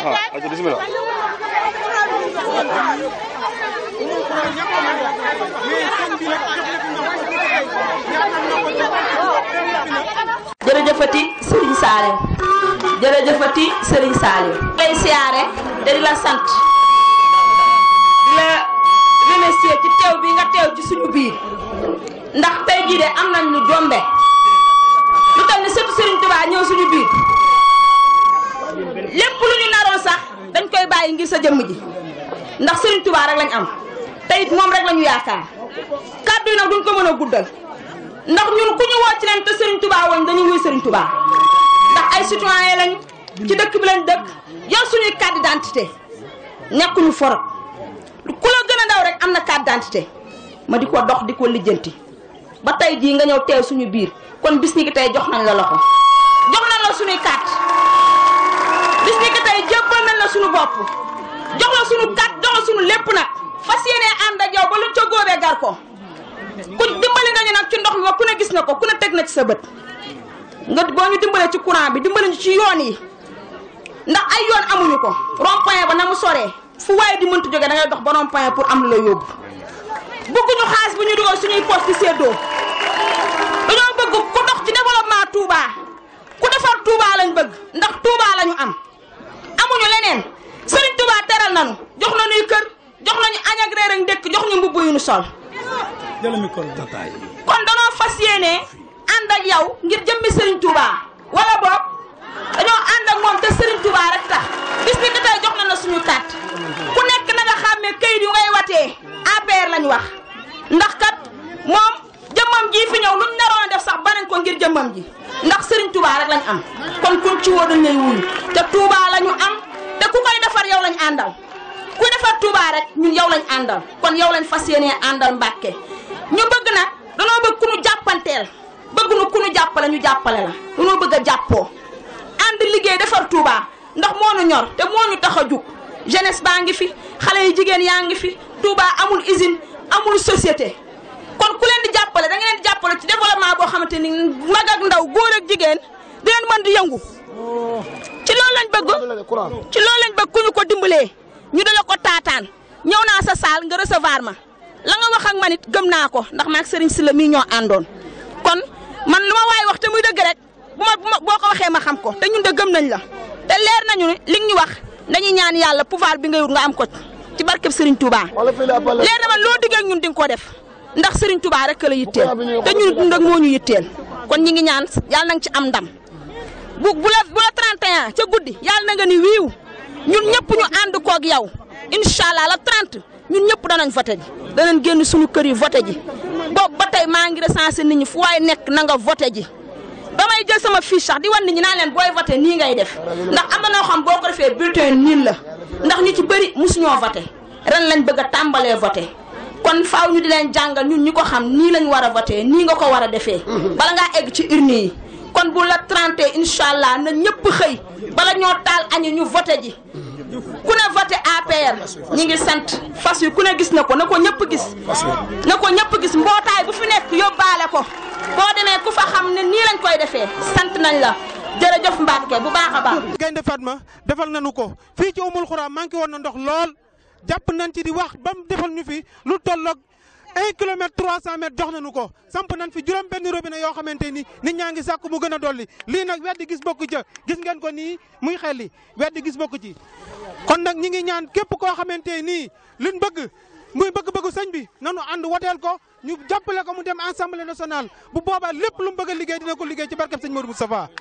Ha, hadi bismillah. jërëjëfati Serigne Salim jërëjëfati Serigne Salim ngay siyaare de la sant di la remercier ci teew bi nga teew ci suñu biir ndax tey jii de am nañ lu jombe lu tax ni sëtu Serigne Touba ñëw suñu biir lépp lu sax dañ koy bàyyi ngir sa jëmm ji ndax Serigne Touba rek lañ am te it moom rek la ñu yaakaar kàddu nag duñ ko mën a guddal ndax ñun ku ñu woo ci leen te Serigne Touba woon dañuy wuy Serigne Touba ndax ay citoyen lañ ci dëkk bi lañ dëkk yor suñuy carte d'identité ñàkkuñu forog ku la gën a ndaw rek am na carte d'identité ma di ko dox di ko lijjanti ba tey jii nga ñëw teew suñu biir kon bis ñi ki tey jox nañ la loxo suñu bopp jox la suñu kat jox la suñu lépp nag fas yéene ànd ak yow ba luñ ca góobee gar ko ku dimbali nga nag ci ndox mi ba ku ne gis na ko ku ne teg na ci sa bët nga boo ñu dimbale ci courant bi dimbale ñu ci yoon yi ndax ay yoon amuñu ko rond point ba na mu soree fu waaye di mënta jógee da ngay dox ba rond point pour am lu la yóbbu bëgguñu xaalis bu ñu dugal suñuy poste di séddoo dañoo bëgg ku dox ci développement Touba ku defar Touba lañ bëgg ndax Touba lañu am leneen serigne touba teral nanu jox nañu kër jox nañu añ ak reer ak jox ñu mbubu yu ñu sol kon da no fasiyene and ak yaw ngir jëmmi serigne touba wala bok dañoo and ak mom te serigne touba rek tax bis bi ka jox nañu suñu tat ku nekk na nga xamé keuyit yu ngay watee APR lañ wax ndax kat mom jëmmam ji fi ñëw luñ naroon def sax banen ko ngir jëmmam ji ndax serigne touba rek lañ am kon kun ci woo dañ lay wuyu te touba fois rek ñun yow lañ àndal kon yow fa fas yéenee àndal Mbàkke ñu bëgg nag danoo bëgg ku ñu jàppanteel bëgg nu ku ñu jàppale ñu jàppale la danoo bëgg a jàppoo ànd liggéey defar Touba ndax moo nu ñor te moo ñu tax a jug jeunesse baa ngi fi xale yi jigéen yaa ngi fi Touba amul usine amul société kon ku leen di jàppale da nga leen di jàppale ci développement boo xamante ni mag ak ndaw góor ak jigéen di leen mën di yëngu oh. ci loolu lañ bëgg ci loolu bëgg ku ñu ko dimbalee ñu di la ko tataan ñëw naa sa saal nga recevoir ma la nga wax ak man gëm naa ko ndax maag Serigne Sylla mii ñoo àndoon kon man lu ma waay wax te muy dëgg rek bu ma boo ko waxee ma xam ko te ñun gëm nañ la te leer nañu ne li ñu wax dañuy ñaan yàlla pouvoir bi nga wut nga am ko ci barkeb sëriñ Touba leer na man loo diggee ñun di nga ko def ndax sëriñ Touba rek la yitteel te ñun dund ak moo ñu yitteel kon ñi ngi ñaan yàlla na nga ci am ndam bu bu la bu ca guddi yàlla nga ni wiiw ñun ñëpp ñu ànd koog yow incha allah la 30 ñun ñëpp danañ voté ji danañ génn suñu kër yi voté ji boobu ba tey maa ngi recensé nit ñi fu waay nekk na nga voté ji damay jël sama fiche sax di wan nit ñi naa leen booy voté nii ngay def ndax am na noo xam boo ko defee bulletin niin la ndax ñu ci bëri mosuñoo voté ren lañ bëgg tàmbalee voté kon faaw ñu di leen jàngal ñun ñi ko xam nii lañ war a voté nii nga ko war a defee mm-hmm. bala ngaa egg ci urne yi kon bu la 30 incha allah na ñëpp xëy bala ñoo taal añu ñu voté ji ku ne voté APR ñi ngi sant fas yu ku ne gis na ko ne ko ñëpp gis. na ko ñëpp gis mbootaay bu fi nekk yóbbaale ko boo demee ku fa xam ne nii lañ koy defee sant nañ la. jërëjëf Mbacke bu baax a baax. Gaynde ma defal nañu ko fii ci umul xuraa manqué woon na ndox lool jàpp nañ ci di wax ba mu defal ñu fi lu tolloog un kilomètre trois cent mètres jox nañu ko samp nañ fi juróom benn robinet yoo xamante ni nit ñaa ngi sàkk mu gën a dolli lii nag weddi gis bokku ca gis ngeen ko nii muy xelli weddi gis bokku ci kon nag ñi ngi ñaan képp koo xamante nii liñ bëgg muy bëgg-bëggu sëñ bi nanu ànd woteel ko ñu le ko mu dem assemblée nationale bu boobaa lépp lu mu bëgg liggéey dina ko liggéey ci barkeb sëñ Modou Moustapha